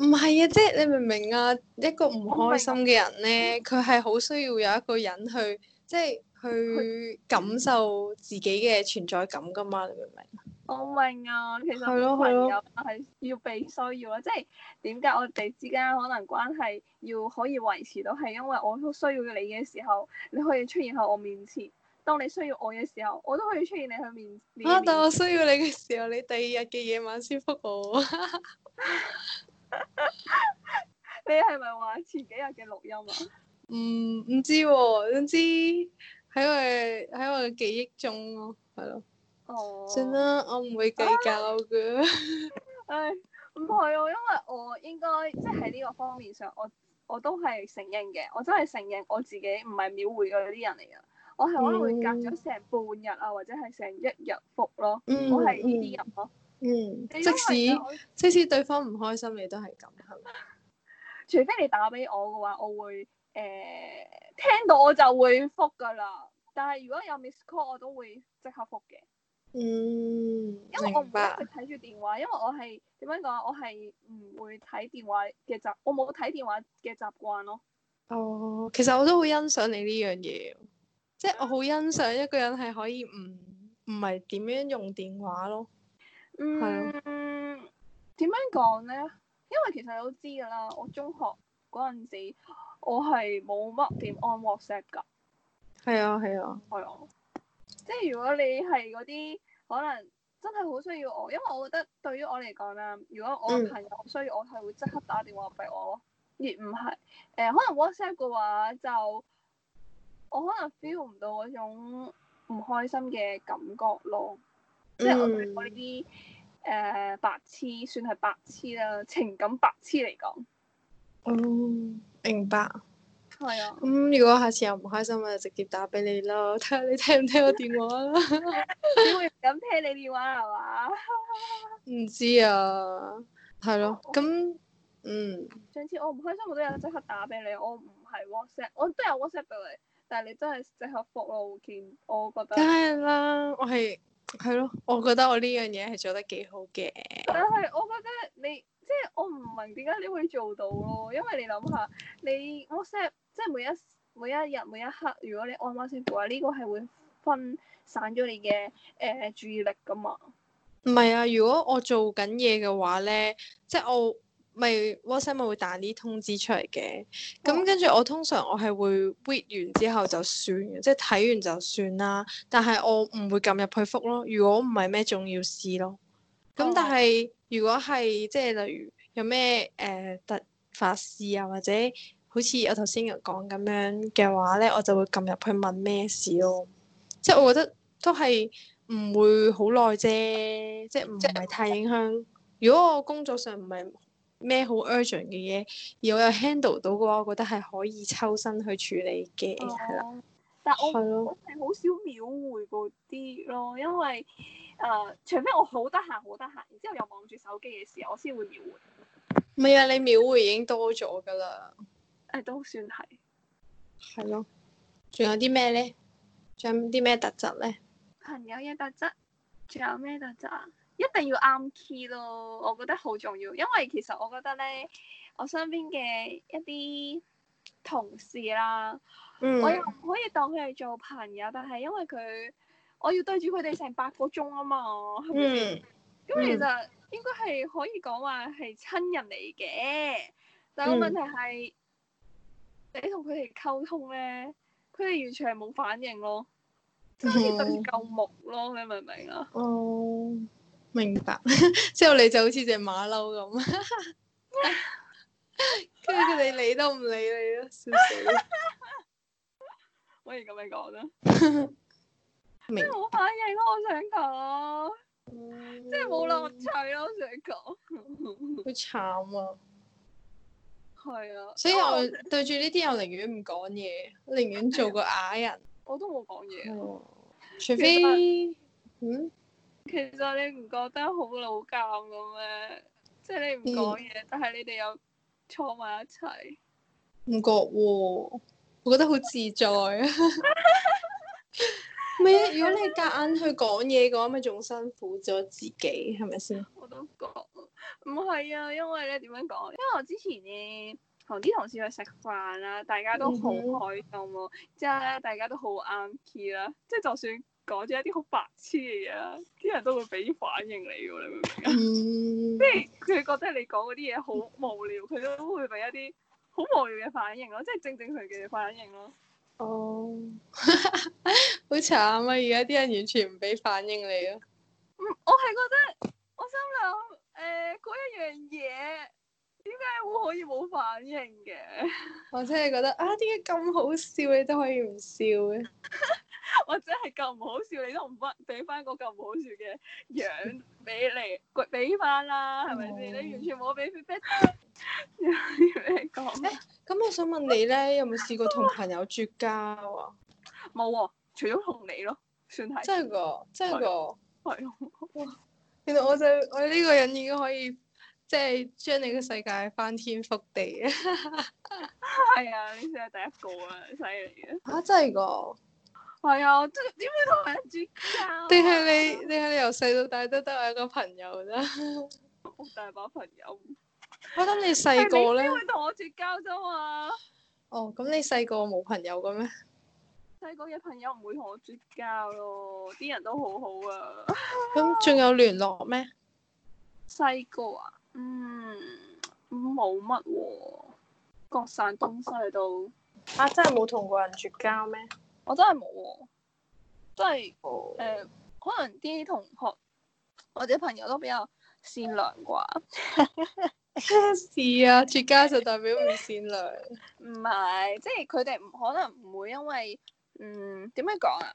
唔係啊！即係你明唔明啊？一個唔開心嘅人咧，佢係好需要有一個人去，即係去感受自己嘅存在感噶嘛？你明唔明？我明啊，其實我朋友係咯，係咯，係要被需要啊！即係點解我哋之間可能關係要可以維持到，係因為我需要你嘅時候，你可以出現喺我面前。當你需要我嘅時候，我都可以出現你喺面。面啊！但我需要你嘅時候，你第二日嘅夜晚先覆我。 你係咪話前幾日嘅錄音啊？唔唔、嗯、知喎、哦，總之喺我喺我嘅記憶中咯、啊，係咯。哦。算啦，我唔會計較嘅。啊、 唉，唔係啊，因為我應該即係喺呢個方面上，我我都係承認嘅。我真係承認我自己唔係秒回嗰啲人嚟嘅。我係可能會隔咗成半日啊，或者係成一日覆咯。我係呢啲人咯。啊、嗯，即使即使對方唔開心，你都係咁，係 除非你打俾我嘅話，我會誒、欸、聽到我就會覆㗎啦。但係如果有 miss call，我都會即刻覆嘅。嗯，因為我唔會一直睇住電話，白因為我係點樣講？我係唔會睇電話嘅習，我冇睇電話嘅習慣咯。哦，其實我都會欣賞你呢樣嘢。即係我好欣賞一個人係可以唔唔係點樣用電話咯。嗯，點樣講咧？因為其實你都知噶啦，我中學嗰陣時，我係冇乜點安 WhatsApp 㗎。係啊，係啊，係啊。即係如果你係嗰啲可能真係好需要我，因為我覺得對於我嚟講啦，如果我朋友好需要我係、嗯、會即刻打電話俾我咯。而唔係誒，可能 WhatsApp 嘅話就。我可能 feel 唔到嗰種唔開心嘅感覺咯，即係、嗯、我呢啲誒白痴，算係白痴啦，情感白痴嚟講。哦、嗯，明白。係啊的。咁、嗯、如果下次又唔開心，我就直接打俾你啦，睇下你聽唔聽我電話啦。點會唔敢聽你電話 啊？係嘛？唔知啊，係咯。咁、哦，嗯。上次我唔開心，我都有即刻打俾你。我唔係 WhatsApp，我都有 WhatsApp 俾你。但係你真係即刻復我會我覺得。梗係啦，我係係咯，我覺得我呢樣嘢係做得幾好嘅。但係我覺得你即係我唔明點解你會做到咯，因為你諗下，你 WhatsApp 即係每一每一日每一刻，如果你按 WhatsApp 話，呢、這個係會分散咗你嘅誒、呃、注意力噶嘛。唔係啊，如果我做緊嘢嘅話咧，即係我。咪 WhatsApp 咪會彈啲通知出嚟嘅，咁跟住我通常我係會 read 完之後就算，即係睇完就算啦。但係我唔會撳入去覆咯，如果唔係咩重要事咯。咁但係如果係即係例如有咩誒突發事啊，或者好似我頭先講咁樣嘅話咧，我就會撳入去問咩事咯。即係我覺得都係唔會好耐啫，即係唔係太影響。即如果我工作上唔係咩好 urgent 嘅嘢，而我又 handle 到嘅話，我覺得係可以抽身去處理嘅，係啦、啊。的但係我係好的少秒回嗰啲咯，因為誒、呃，除非我好得閒好得閒，然之後又望住手機嘅時候，我先會秒回。唔係啊，你秒回已經多咗噶啦。誒、哎，都算係。係咯。仲有啲咩咧？仲有啲咩特質咧？朋友嘅特質。仲有咩特質啊？一定要啱 key 咯，我覺得好重要，因為其實我覺得咧，我身邊嘅一啲同事啦，嗯、我又唔可以當佢係做朋友，但係因為佢，我要對住佢哋成八個鐘啊嘛，係咪先？咁其實應該係可以講話係親人嚟嘅，但係個問題係、嗯、你同佢哋溝通咧，佢哋完全係冇反應咯，即係對住夠木咯，你明唔明啊？哦、嗯。嗯。明白， 之後你就好似隻馬騮咁，跟住佢哋理都唔理你咯，笑死！ 可以咁樣講啦，即係冇 反應，我想講，即係冇樂趣咯，我想講，好 慘啊！係 啊，所以我對住呢啲，我寧願唔講嘢，寧願做個啞人。 我都冇講嘢，除非嗯。其實你唔覺得好老尷嘅咩？即係你唔講嘢，嗯、但係你哋又坐埋一齊，唔覺喎、哦，我覺得好自在啊！咩？如果你夾硬去講嘢嘅話，咪仲辛苦咗自己係咪先？我都覺唔係啊，因為咧點樣講？因為我之前咧同啲同事去食飯啦，大家都好開心咯，之後咧大家都好啱 key 啦，即係就算。講咗一啲好白痴嘅嘢，啲人都會俾反應你噶，你明唔明？即係佢覺得你講嗰啲嘢好無聊，佢 都會俾一啲好無聊嘅反應咯，即係正正佢嘅反應咯。哦，好慘啊！而家啲人完全唔俾反應你啊。嗯，我係覺得，我心諗，誒、呃，嗰一樣嘢點解會可以冇反應嘅？或者係覺得啊，點解咁好笑你都可以唔笑嘅？ 或者係咁唔好笑，你都唔屈俾翻個咁唔好笑嘅樣俾你，俾翻啦，係咪先？嗯、你完全冇俾，咩？咁我想問你咧，有冇試過同朋友絕交啊？冇喎、哦，除咗同你咯，算係真係㗎，真係㗎，係啊！原來我就是、我呢個人已經可以即係、就是、將你嘅世界翻天覆地啊！係 啊，你先係第一個啊，犀利啊！嚇，真係㗎！係、哎、啊，真係點會同人絕交？定係你？定係你由細到大都得我一個朋友啫，好 大把朋友。我諗你細個咧，點會同我絕交啫嘛？哦，咁你細個冇朋友嘅咩？細個嘅朋友唔會同我絕交咯、啊，啲人都好好啊。咁 仲有聯絡咩？細個啊，嗯，冇乜喎，各散東西度，啊，真係冇同過人絕交咩？我真係冇喎，真係、oh. 呃、可能啲同學或者朋友都比較善良啩。 係啊，絕交就代表唔善良。唔係， 即係佢哋唔可能唔會因為，嗯，點樣講啊？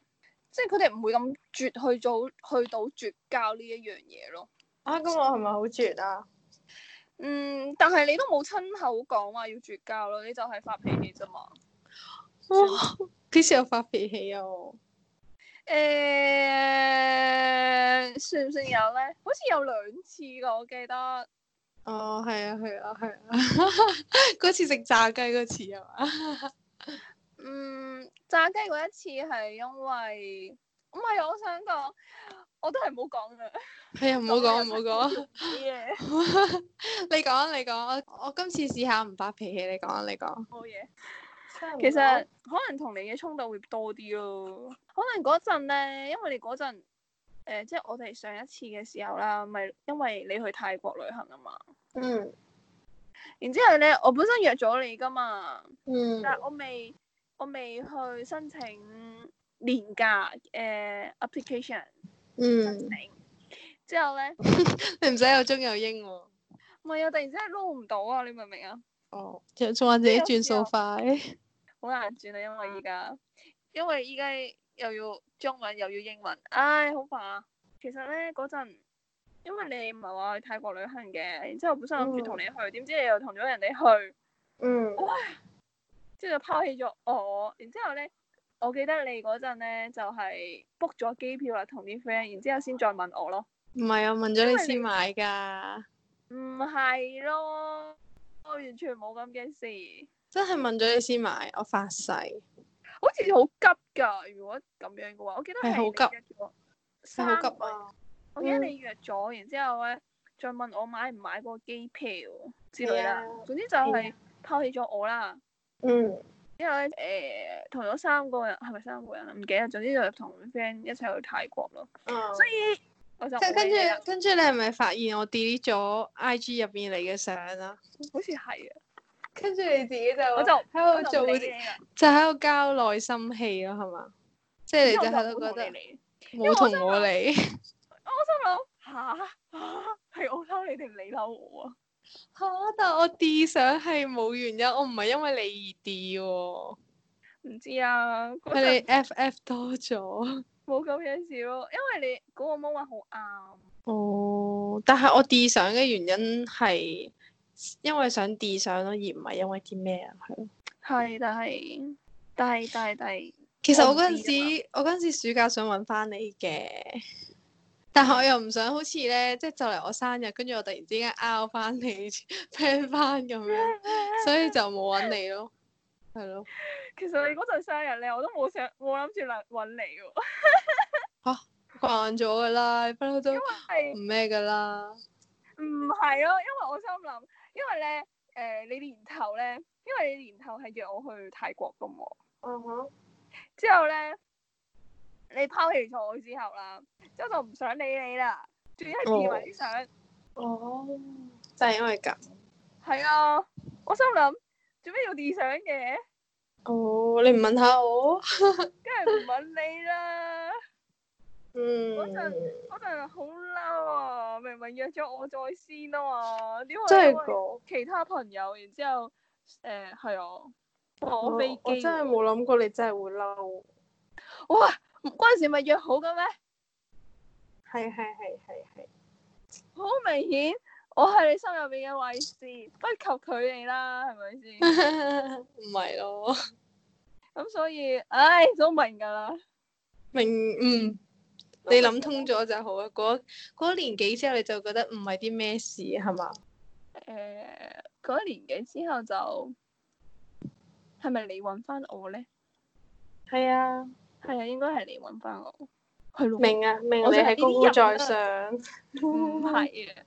即係佢哋唔會咁絕去做去到絕交呢一樣嘢咯。啊，咁我係咪好絕啊？嗯，但係你都冇親口講話要絕交咯，你就係發脾氣啫嘛。Oh. 幾時有發脾氣啊？誒、欸，算唔算有咧？好似有兩次噶，我記得。哦，係啊，係啊，係啊，嗰、啊、 次食炸雞嗰次係嘛？ 嗯，炸雞嗰一次係因為唔係，我想講，我都係唔好講嘅。係 啊、哎，唔好講，唔好講。嘢 你講，你講，我今次試下唔發脾氣。你講，你講。冇嘢。其實可能同你嘅衝突會多啲咯，可能嗰陣咧，因為你嗰陣誒，即係我哋上一次嘅時候啦，咪因為你去泰國旅行啊嘛，嗯，然之後咧，我本身約咗你噶嘛，嗯，但係我未我未去申請年假誒、呃、application，嗯，申請之後咧， 你唔使有中有英、哦、又英喎，唔係啊，突然之間撈唔到啊，你明唔明啊？哦，仲話自己轉數快。好難轉啊，因為依家，因為依家又要中文又要英文，唉，哎，好煩啊。其實咧，嗰陣，因為你唔係話去泰國旅行嘅，然之後本身諗住同你去，嗯，點知你又同咗人哋去，嗯，哇，即係就拋棄咗我。然之後咧，我記得你嗰陣咧就係 book 咗機票啦，同啲 friend，然之後先再問我咯。唔係啊，問咗你先買噶。唔係咯，我完全冇咁嘅事。真係問咗你先買，我發誓，好似好急噶。如果咁樣嘅話，我記得係好急，好急啊！我記得你約咗，嗯、然之後咧再問我買唔買嗰個機票、啊、之類啦、嗯哎。總之就係拋棄咗我啦。嗯。之後咧，誒，同咗三個人，係咪三個人？唔記得，總之就同 friend 一齊去泰國咯。嗯、所以我就跟住，跟住你係咪發現我 delete 咗 IG 入面嚟嘅相啊？好似係啊。跟住你自己就我，我就喺度做，就喺度交內心戲咯，係嘛？即係你哋喺度覺得你，冇同我嚟。我心諗嚇嚇，係我嬲你定你嬲我啊？嚇、啊啊！但我 D 相係冇原因，我唔係因為你而 D 喎。唔知啊，係、啊那個、你 FF 多咗。冇咁嘅事咯，因為你嗰個 moment 好啱。哦，但係我 D 相嘅原因係。因為想地上咯，而唔係因為啲咩啊，係咯。係，但係，但係，但係，但係。其實我嗰陣時，我嗰陣時暑假想搵翻你嘅，但係我又唔想好似咧，即係就嚟我生日，跟住我突然之間 out 翻你 plan 翻咁樣，所以就冇搵你咯，係咯。其實你嗰陣生日咧，我都冇想，冇諗住嚟搵你喎。吓、 啊，慣咗噶啦，不嬲都唔咩噶啦。唔係咯，因為我心諗。因為咧，誒、呃，你年頭咧，因為你年頭係約我去泰國噶嘛，嗯哼、uh，huh. 之後咧，你拋棄咗我之後啦，之後就唔想理你啦，仲要係自毀相，哦，就係因為咁，係啊，我心諗做咩要自毀相嘅？哦，oh, 你唔問，問下我，梗係唔問你啦。嗰陣嗰陣好嬲啊！明明約咗我再先啊嘛，啲其他朋友，然之後誒係、呃、我啊，坐飛機我真係冇諗過你真係會嬲、啊。哇！嗰陣時咪約好嘅咩？係係係係係，好明顯我係你心入邊嘅位置，不及佢哋啦，係咪先？唔係 咯，咁 所以唉都明噶啦，明嗯。你諗通咗就好啊！過、那個那個、年幾之後你就覺得唔係啲咩事係嘛？誒，過、呃那個、年幾之後就係咪你揾翻我咧？係啊，係啊，應該係你揾翻我。啊明啊，明我哋係、啊、高高在上。唔係 的啊，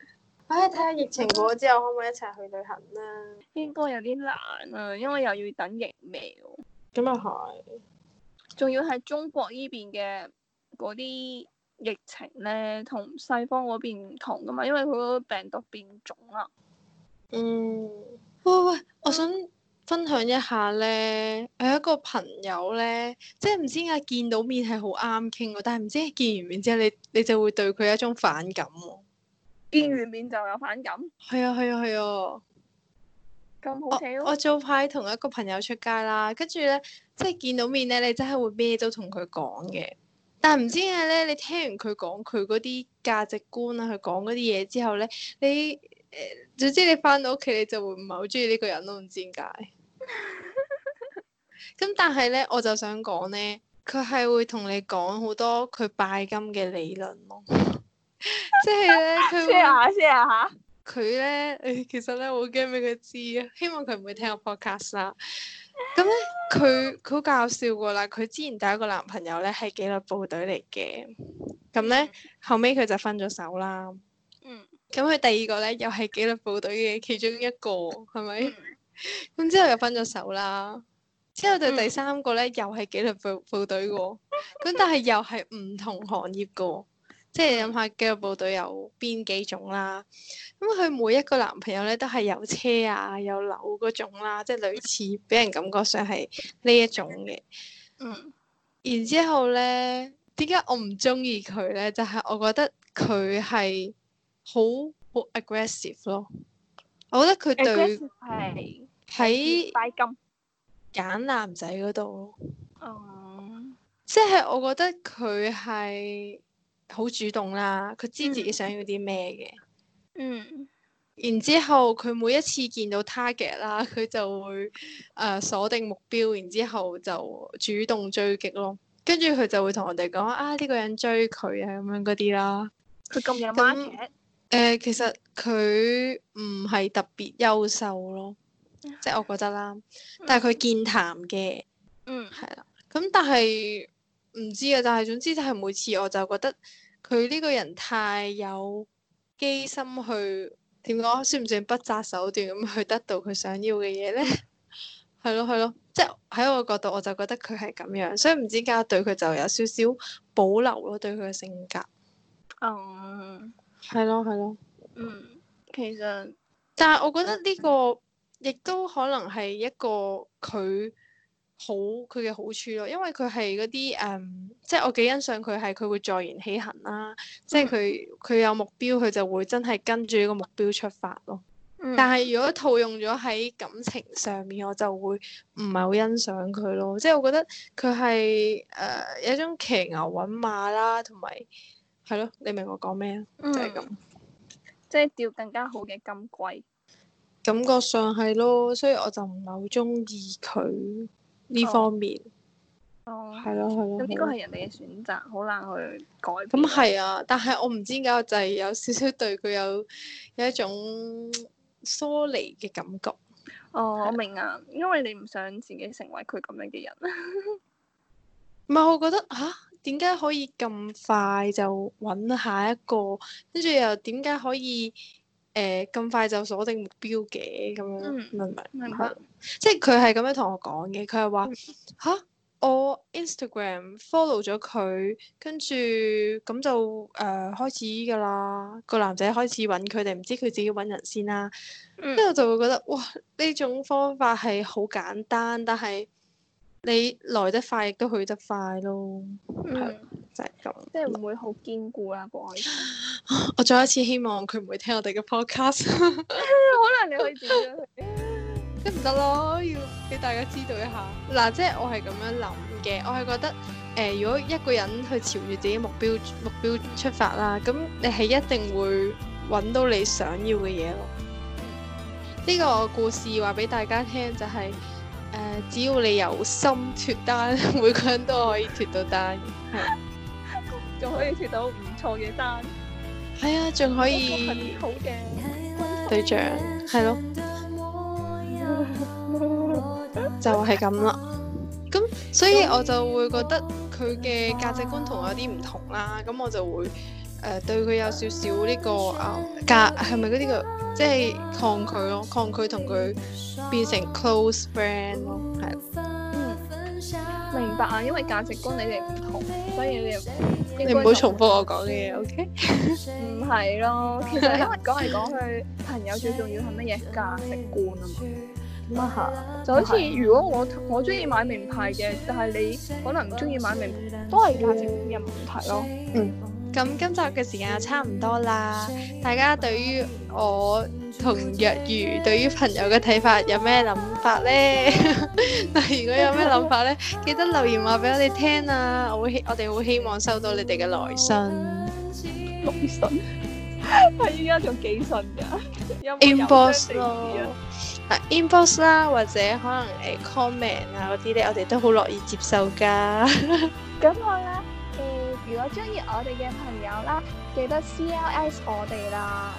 唉，睇下疫情過咗之後可唔可以一齊去旅行啦、啊？應該有啲難啊，因為又要等疫苗。咁又係，仲要係中國呢邊嘅。嗰啲疫情咧，同西方嗰邊唔同噶嘛，因為佢嗰個病毒變種啦。嗯喂。喂，我想分享一下咧，嗯、有一個朋友咧，即係唔知點解見到面係好啱傾，但係唔知見完面之後你，你你就會對佢有一種反感喎、哦。見完面就有反感？係啊，係啊，係啊。咁好睇咯、哦！我早排同一個朋友出街啦，跟住咧，即係見到面咧，你真係會咩都同佢講嘅。但唔知點解咧，你聽完佢講佢嗰啲價值觀啊，佢講嗰啲嘢之後咧，你誒，總之你翻到屋企，你就會唔係好中意呢個人，都唔知點解。咁 但係咧，我就想講咧，佢係會同你講好多佢拜金嘅理論咯，即係咧，佢，先下先啊。嚇、哎。佢咧，誒，其實咧，好驚俾佢知啊，希望佢唔會聽我 podcast 啦。咁咧，佢好、嗯嗯、搞笑噶啦！佢之前第一個男朋友咧係紀律部隊嚟嘅，咁咧後尾佢就分咗手啦。嗯。咁佢第二個咧又係紀律部隊嘅其中一個，係咪？嗯。咁 之後又分咗手啦，之後就第三個咧又係紀律部部隊嘅，咁、嗯嗯、但係又係唔同行業噶。即係你諗下，肌肉部隊有邊幾種啦？咁、嗯、佢每一個男朋友咧，都係有車啊，有樓嗰種啦，即係類似俾人感覺上係呢一種嘅。嗯。然之後咧，點解我唔中意佢咧？就係、是、我覺得佢係好好 aggressive 咯。我覺得佢對係喺揀男仔嗰度。哦、嗯。即係我覺得佢係。好主動啦，佢知自己想要啲咩嘅。嗯。然之後佢每一次見到 target 啦，佢就會誒鎖定目標，然之後就主動追擊咯。跟住佢就會同我哋講啊，呢個人追佢啊，咁樣嗰啲啦。佢咁有 market？嗯呃，其實佢唔係特別優秀咯，即係我覺得啦。但係佢健談嘅。嗯。係啦。咁但係。唔知啊，但係總之就係每次我就覺得佢呢個人太有機心，去點講，算唔算不擇手段咁去得到佢想要嘅嘢咧？係咯係咯，即喺我角度我就覺得佢係咁樣，所以唔知點解對佢就有少少保留咯，對佢嘅性格。嗯，係咯係咯。嗯，其實，但係我覺得呢、呢個、啊、亦都可能係一個佢。好佢嘅好處咯，因為佢係嗰啲誒，即係我幾欣賞佢係佢會坐言起行啦、啊，嗯、即係佢佢有目標，佢就會真係跟住呢個目標出發咯。嗯、但係如果套用咗喺感情上面，我就會唔係好欣賞佢咯。即係我覺得佢係有一種騎牛揾馬啦，同埋係咯，你明我講咩啊？嗯、就係咁，即係釣更加好嘅金龜，感覺上係咯，所以我就唔係好中意佢。呢方面，哦、oh. oh.，係咯係咯，咁應該係人哋嘅選擇，好難去改。咁係啊，但係我唔知點解我就係有少少對佢有有一種疏離嘅感覺。哦、oh, 的，我明啊，因為你唔想自己成為佢咁樣嘅人。唔係，我覺得吓，點解可以咁快就揾下一個，跟住又點解可以？誒咁、呃、快就鎖定目標嘅咁樣，明唔明？明白、嗯，即係佢係咁樣同我講嘅。佢係話嚇，我 Instagram follow 咗佢，跟住咁就誒、呃、開始㗎啦。個男仔開始揾佢哋，唔知佢自己揾人先啦。嗯、之後就會覺得哇，呢種方法係好簡單，但係。你來得快，亦都去得快咯，係咯、mm. 就是，即係咁。即係唔會好堅固啦，講。我再一次希望佢唔會聽我哋嘅 podcast。可能，你可以點樣跟唔得咯，要俾大家知道一下。嗱、啊，即係我係咁樣諗嘅，我係覺得，誒、呃，如果一個人去朝住自己目標目標出發啦，咁你係一定會揾到你想要嘅嘢咯。呢、這個故事話俾大家聽就係、是。誒，uh, 只要你有心脫單，每個人都可以脫到單，係，仲 可以脱到唔錯嘅單，係啊、哎，仲可以好好嘅對象，係咯，就係咁啦。咁 所以我就會覺得佢嘅價值觀同我有啲唔同啦，咁我就會。誒、uh, 對佢有少少呢、呢個啊，價係咪嗰啲個即係抗拒咯？抗拒同佢變成 close friend 咯，係，嗯，明白啊，因為價值觀你哋唔同，所以你你唔好重複我講嘅嘢，OK？唔係 咯，其實因為講嚟講去，朋友最重要係乜嘢價值觀啊嘛，啊， 就好似如果我我中意買名牌嘅，但係你可能唔中意買名牌，都係價值觀嘅問題咯，嗯。咁今集嘅時間又差唔多啦，大家對於我同若如對於朋友嘅睇法有咩諗法咧？嗱，如果有咩諗法咧，記得留言話俾我哋聽啊！我希我哋會希望收到你哋嘅來信、綠信，係依家仲幾順噶？Inbox 咯，啊 Inbox 啦，或者可能誒 comment 啊嗰啲咧，我哋都好樂意接受噶。咁我咧。如果中意我哋嘅朋友啦，記得 C L S 我哋啦，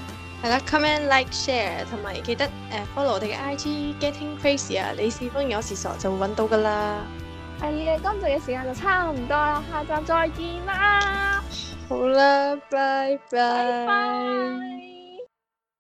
係啦，comment like share 同埋記得、uh, follow 我哋嘅 I G getting crazy 啊，你是瘋，有時傻，就搵到噶啦。係嘅，今日嘅時間就差唔多啦，下集再見啦。好啦，拜拜。